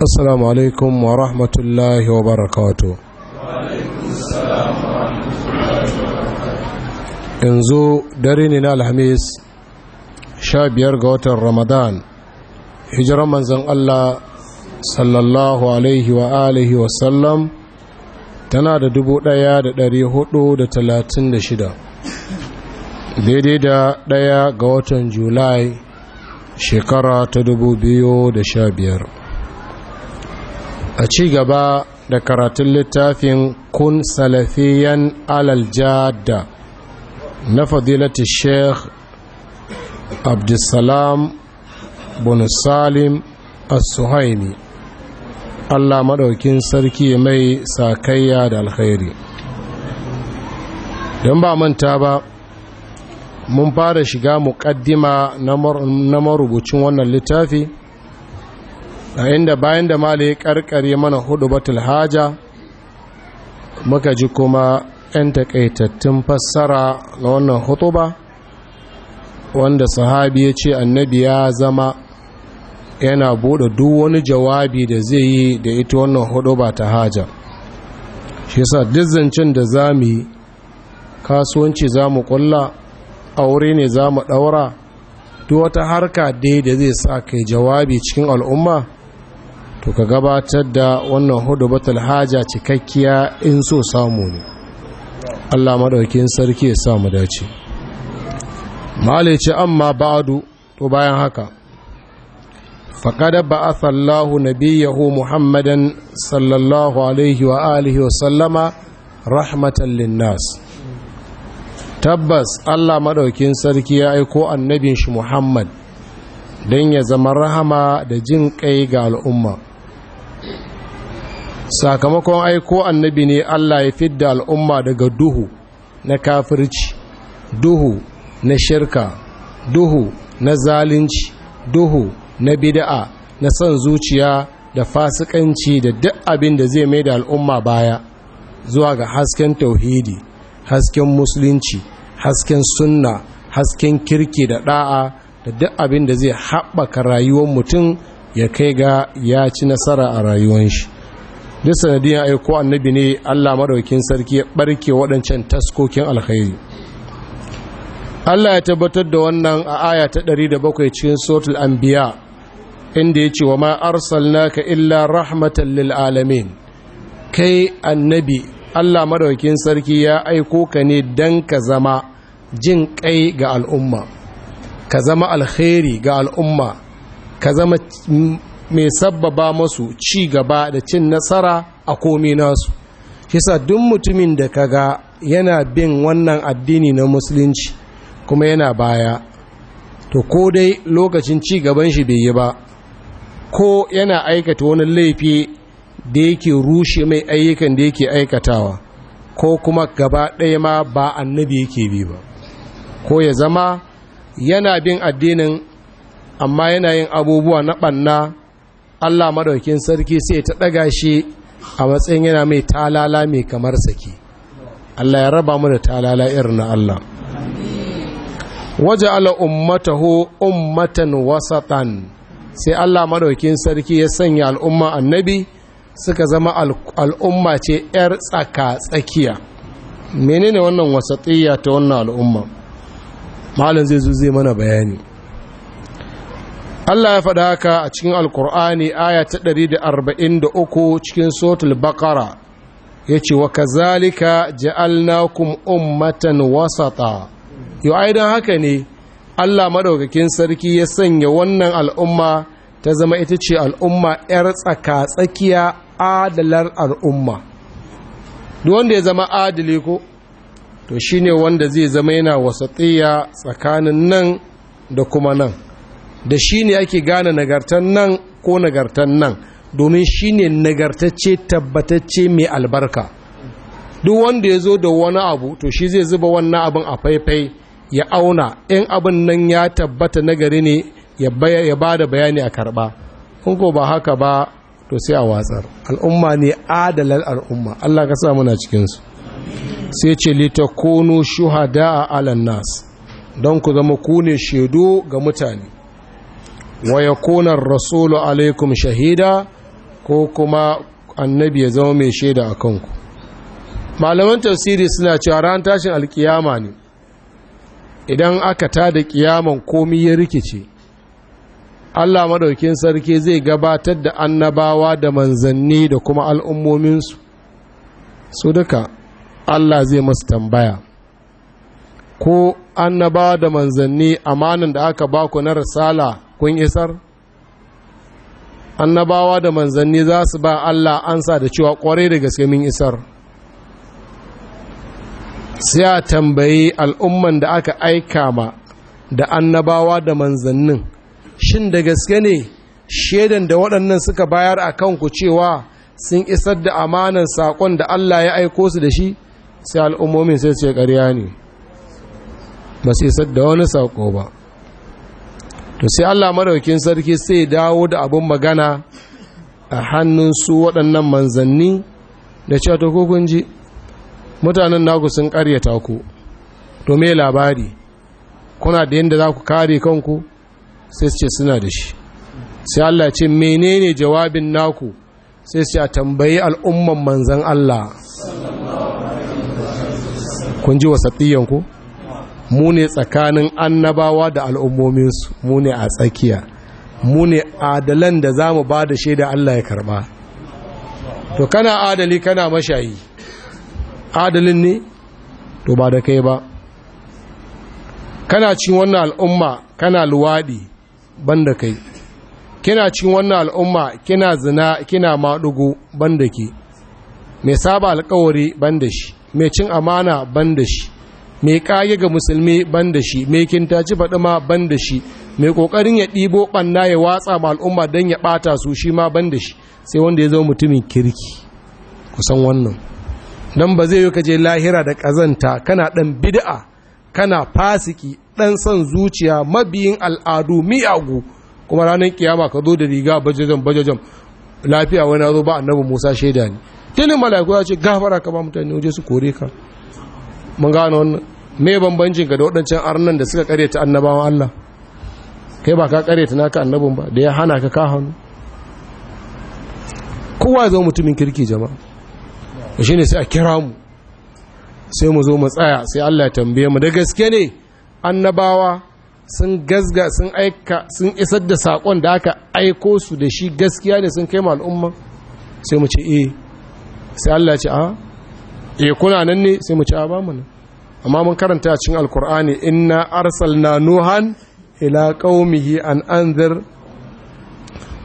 assalamu alaikum wa rahmatullahi wa barakatu yanzu dare ne na alhamis sha biyar ga watan ramadan hijiran manzan allah sallallahu alaihi wa alihi tana da dubu daya da dari hudu da talatin da shida daidai da daya ga watan julai shekara ta dubu biyu da sha biyar a ci gaba da karatun littafin kun salafiyan alal jada na fadilati sheikh abdulsalam bin salim al suhaimi allah maɗaukin sarki mai sakayya da alkhairi don ba manta ba mun fara shiga muƙaddima na marubucin wannan littafi A da bayan da mali ya karkare mana hudu batul haja muka ji kuma 'yan takaitattun fassara na wannan hutuba wanda sahabi ya ce annabi ya zama yana bude duk wani jawabi da zai yi da ita wannan ba ta haja shi sa zancen da za mu yi kasuwanci za mu kulla aure ne za mu daura duk wata harka dai da zai sa kai jawabi cikin al'umma to ka gabatar da wannan hudu batal haja cikakkiya in so samu ne Allah madaukin sarki ya sa mu dace malice amma ba'du to bayan haka faqad ba'atha Allahu nabiyahu Muhammadan sallallahu alaihi wa alihi wa sallama rahmatan linnas tabbas Allah madaukin sarki ya aiko annabin shi Muhammad dan ya zama rahama da jin kai ga al'umma sakamakon aiko annabi ne Allah ya fidda al'umma daga duhu na kafirci duhu na shirka duhu na zalunci duhu na bida'a na son zuciya da fasikanci da duk abin da zai mai da al'umma baya zuwa ga hasken tauhidi hasken musulunci hasken sunna hasken kirki da ɗa'a, da duk abin da zai haɓaka rayuwar mutum ya kai ga ya ci nasara a rayuwar shi duk sanadiyar aiko annabi ne allah maɗaukin sarki ya ɓarke waɗancan taskokin alkhairi allah ya tabbatar da wannan a aya ta 107 cikin sotul anbiya inda ya ce wa ma arsalnaka illa rahmatan lil alamin kai annabi allah maɗaukin sarki ya aiko ka ne don ka zama jin kai ga al'umma ka zama alkhairi ga al'umma ka zama mai sabbaba masu ci gaba da cin nasara a komi nasu Kisa duk mutumin da kaga yana bin wannan addini na musulunci kuma yana baya to ko dai lokacin ci gaban shi bai yi ba ko yana aikata wani laifi da yake rushe mai ayyukan da yake aikatawa ko kuma gaba ɗaya ma ba annabi yake bi ba ko ya zama yana bin addinin amma yana yin abubuwa na ɓanna Allah madaukin sarki sai ta daga shi a matsayin yana mai talala mai kamar saki Allah ya raba mu da talala irin na Allah Waje waja'ala ummatahu ummatan wasatan sai Allah madaukin sarki ya sanya al'umma annabi suka zama al'umma ce yar tsaka tsakiya menene wannan wasatiyya ta wannan al'umma malam zai zo zai mana bayani Allah ya faɗa haka a cikin alkur'ani aya ta uku cikin sotul bakara ya ce wa kazalika ja'alnakum ummatan wasata yau aidan haka ne Allah maɗaukakin sarki ya sanya wannan al'umma ta zama ita ce al'umma 'yar tsaka-tsakiya adalar al'umma duk wanda ya zama adali ko to shine wanda zai zama yana wasatsiya tsakanin nan da kuma nan da shi ne ake gane nagartan nan ko nagartan nan domin shi ne nagartacce tabbatacce mai albarka duk wanda ya zo da wani abu to shi zai zuba wannan abin a faifai ya auna in abin nan ya tabbata nagari ne ya ba da bayani a karba in ko ba haka ba to sai a watsar al'umma ne adalar al'umma Allah ka sa muna cikinsu sai ce litakunu shuhada a alan nas don ku zama ku ne shaidu ga mutane wa yakuna rasulu alaikum shahida ko kuma annabi ya zama mai shaida a kanku malaman tafsiri suna cewa ran tashin alkiyama ne idan aka tada kiyaman komi ya rikice Allah madaukin sarki zai gabatar da annabawa da manzanni da kuma al'ummominsu su duka Allah zai masu tambaya ko annabawa da manzanni amanin da aka baku na risala kun isar annabawa da manzanni za su ba Allah ansa da cewa kwarai da gaske min isar sai a tambayi al'umman da aka aika ma da annabawa da manzannin shin da gaske ne shaidan da waɗannan suka bayar a kanku cewa sun isar da amanan saƙon da Allah ya aiko su da shi sai al'ummomin sai ce ƙarya ne ba su isar da wani saƙo ba to sai Allah maraukin sarki sai dawo da abun magana a hannun su waɗannan manzanni da cewa to ku kun ji mutanen naku sun ƙaryata ku to me labari kuna da yadda za ku kare kanku sai su ce suna da shi sai Allah ce menene jawabin naku sai ce a tambayi al'umman manzan Allah kun ji wasattiyanku? ku mu ne tsakanin annabawa da al'ummominsu mu ne a tsakiya mu ne adalan da za mu ba da shaida Allah ya karba to kana adali kana mashayi adalin ne to ba da kai ba kana cin wannan al'umma kana luwaɗi ban da kai kina cin wannan al'umma kina zina kina maɗugu ban da ke mai saba alkawari ban da shi mai cin amana ban da shi mai kage ga musulmi ban da shi mai kintaci faɗi ma ban da shi mai ƙoƙarin ya ɗibo ɓanna ya watsa ma al'umma don ya ɓata su shi ma ban da shi sai wanda ya zo mutumin kirki kusan wannan don ba zai yi kaje lahira da ƙazanta kana ɗan bid'a kana fasiki ɗan son zuciya mabiyin al'adu miyagu kuma ranar kiyama ka zo da riga bajajam bajajam lafiya wani ya zo ba annabi musa shaida ne tilin mala'iku ce gafara ka ba mutane waje su kore ka mun gano wannan me bambancin ka da waɗancan arnan da suka ta annabawan Allah kai ba ka ta naka annabin ba da ya hana ka ka hannu kowa zo mutumin kirki jama'a shi ne sai a kira mu sai mu zo mu tsaya sai Allah ya tambaye mu da gaske ne annabawa sun gazga sun aika sun isar da sakon da aka aiko su da shi gaskiya ne sun kai mu al'umma sai mu ce eh sai Allah ya ce a ah. E, kuna nan ne sai mu ci a ba mu nan amma mun karanta cikin alkur'ani inna arsalna nuhan ila qaumihi an anzir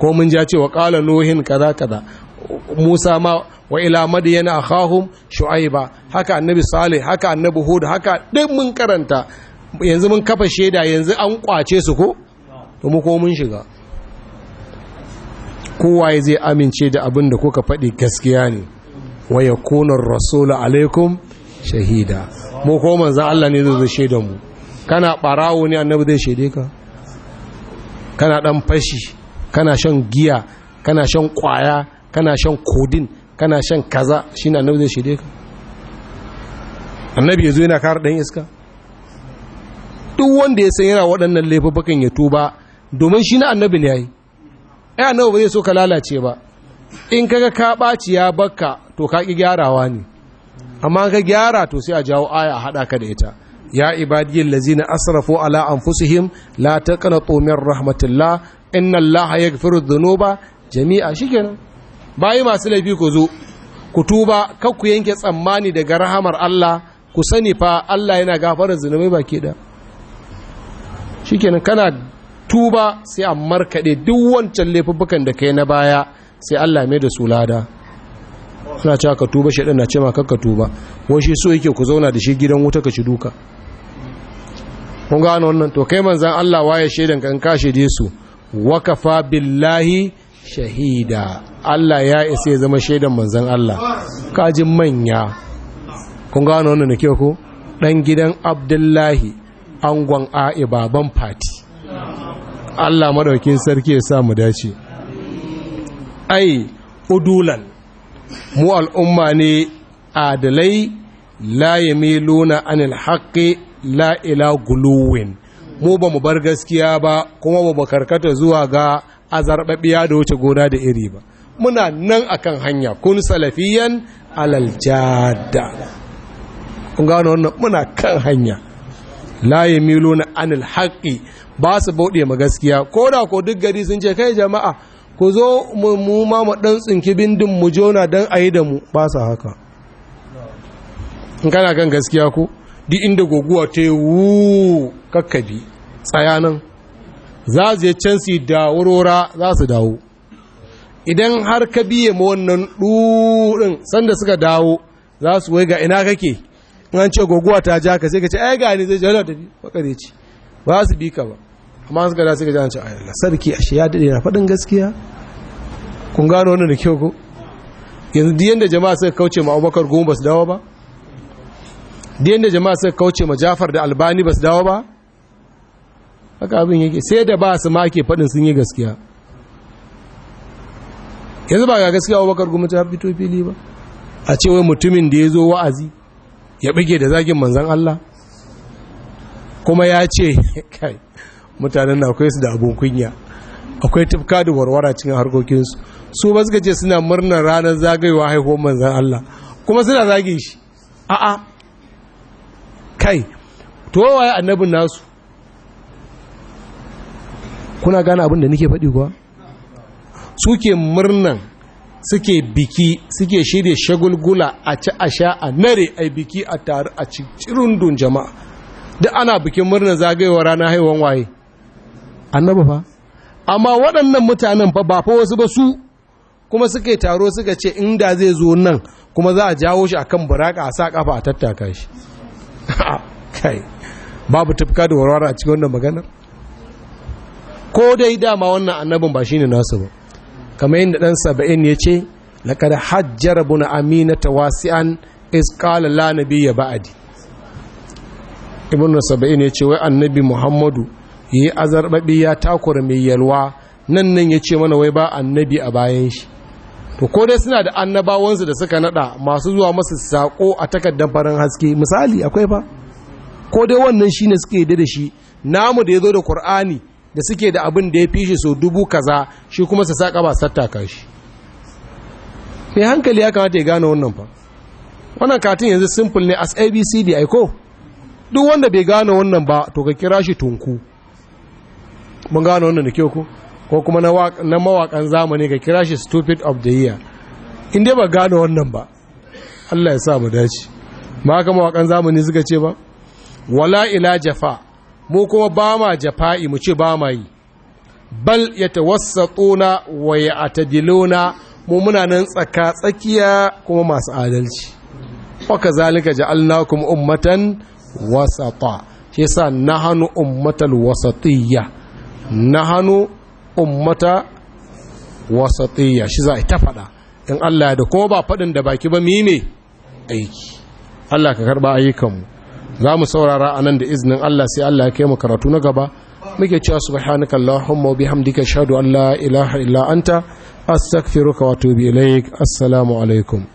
ko mun ja cewa qala nuhin kaza kaza musa ma wa ila madyana akhahum shu'aiba haka annabi salih haka annabi hud haka duk mun karanta yanzu mun kafa sheda yanzu an kwace su ko to mu ko mun shiga kowa zai amince da abin da kuka faɗi gaskiya ne wa yakuna rasulu alaikum shahida mu ko manzon Allah ne zai shaida mu kana barawo ne annabi zai shaide ka kana dan fashi kana shan giya kana shan kwaya kana shan kodin kana shan kaza shine annabi zai shaide ka annabi yazo yana kare dan iska duk wanda ya san yana waɗannan laifukan ya tuba domin shi na annabi ne yayi ai annabi ba zai so ka lalace ba in kaga ka baci ya bakka to ka ƙi gyarawa ne amma ka gyara to sai a jawo aya a haɗa ka da ita ya ibadiyyin lazina asrafo ala an fusuhim la taqnatu min rahmatullah inna ya yaghfiru dhunuba jami'a shi shikenan bayi masu laifi ku zo ku tuba kar ku yanke tsammani daga rahamar Allah ku sani fa Allah yana gafarar zunubai ke da shikenan kana tuba sai a markade duk wancan laifuffukan da kai na baya sai Allah mai da su lada suna cewa ka tuba shaɗan na ce ma kakka tuba wai shi so yake ku zauna da shi gidan wuta ka ci duka kun gano wannan to kai manzan Allah waye shaidan kan ka shaide su wakafa billahi shahida Allah ya isa ya zama shaidan manzan Allah kajin manya kun gano wannan da kyau ku dan gidan Abdullahi angon A'i baban Fati Allah madaukin sarki ya sa mu dace ai udulan mu al'umma ne adalai la yamiluna anil haqqi la ila guluwin mu ba mu bar gaskiya ba kuma ba mu karkata zuwa ga azarbabiya da wuce gona da iri ba muna nan akan hanya kun salafiyan alaljada. kun gano wannan muna kan hanya la yamiluna anil haqqi ba su bauɗe ma gaskiya ko da ko duk gari sun ce kai jama'a ku zo mu ma mu dan tsinki bindin mu jona dan ayi da mu ba sa haka in kana kan gaskiya ko di inda goguwa ta wu kakkabi tsayanan za su je can da wurora za su dawo idan har ka biye ma wannan ɗuɗin sanda suka dawo za su wai ga ina kake in an ce goguwa ta ja ka sai ka ce ai ga ni zai jalo da bi ba su bi ka ba amma suka da suka jana ce a yalla sarki ashe ya daɗe na faɗin gaskiya kun gano wani da kyau ko yanzu diyan da jama'a suka kauce ma abubakar goma ba su dawo ba diyan da jama'a suka kauce ma jafar da albani ba su dawo ba haka abin yake sai da ba su make faɗin sun yi gaskiya yanzu ba ga gaskiya abubakar goma ta fito fili ba a ce wai mutumin da ya zo wa'azi ya bige da zagin manzan Allah kuma ya ce kai mutanen na akwai su da abun kunya akwai tufka da warwara cikin harkokinsu su ba suka ce suna murnar ranar zagayewa haihuwar manzan Allah kuma suna zage shi a'a kai to waye annabin nasu kuna gane abin da nake faɗi kuwa suke murnan suke biki suke shirya shagulgula a ci a sha a nare a biki a tare a cikin jama'a duk ana bikin murnar zagayewa ranar haihuwar waye annaba fa amma waɗannan mutanen fa ba fa wasu ba su kuma suke taro suka ce inda zai zo nan kuma za a jawo shi akan buraka a sa kafa a tattaka shi kai babu tufka da warware a cikin wannan maganar ko dai dama wannan annabin ba shine nasu ba kamar yadda dan saba'in ya ce laqad hajjara bun amina tawasi'an is qala la nabiyya ba'di ibn saba'in ya ce wai annabi muhammadu yi azarbabi ya takura mai yalwa nan nan ya ce mana wai ba annabi a bayan shi to ko dai suna da annabawansu da suka nada masu zuwa masu sako a takardar farin haske misali akwai ba ko dai wannan shi ne suke yi da shi namu da ya zo da Kur'ani da suke da abin da ya fi shi so dubu kaza shi kuma su saka ba sattaka shi mai hankali ya kamata ya gane wannan fa wannan katin yanzu simple ne as abcd aiko duk wanda bai gane wannan ba to ka kira shi tunku mun gano wannan da ke ku? ko kuma na mawakan zamani ka kira shi stupid of the year in dai ba gano wannan ba Allah ya sa mu dace ma ka mawakan zamani suka ce ba wala ila jafa mu kuma ba ma jafa'i mu ce ba ma yi bal yatawassatuna wa ya'tadiluna mu muna nan tsaka tsakiya kuma masu adalci wa kazalika ja'alnakum ummatan wasata shi yasa nahanu ummatal wasatiyya na hannu ummata wasatiyya shi za a ta faɗa in Allah da kuma ba faɗin da baki ba mime aiki Allah ka karɓa ayyukanmu za mu saurara a nan da izinin Allah sai Allah ya kai mu karatu na gaba muke cewa subhanaka allahumma wa bihamdika ashhadu an la ilaha illa anta astaghfiruka wato atubu ilaik assalamu alaikum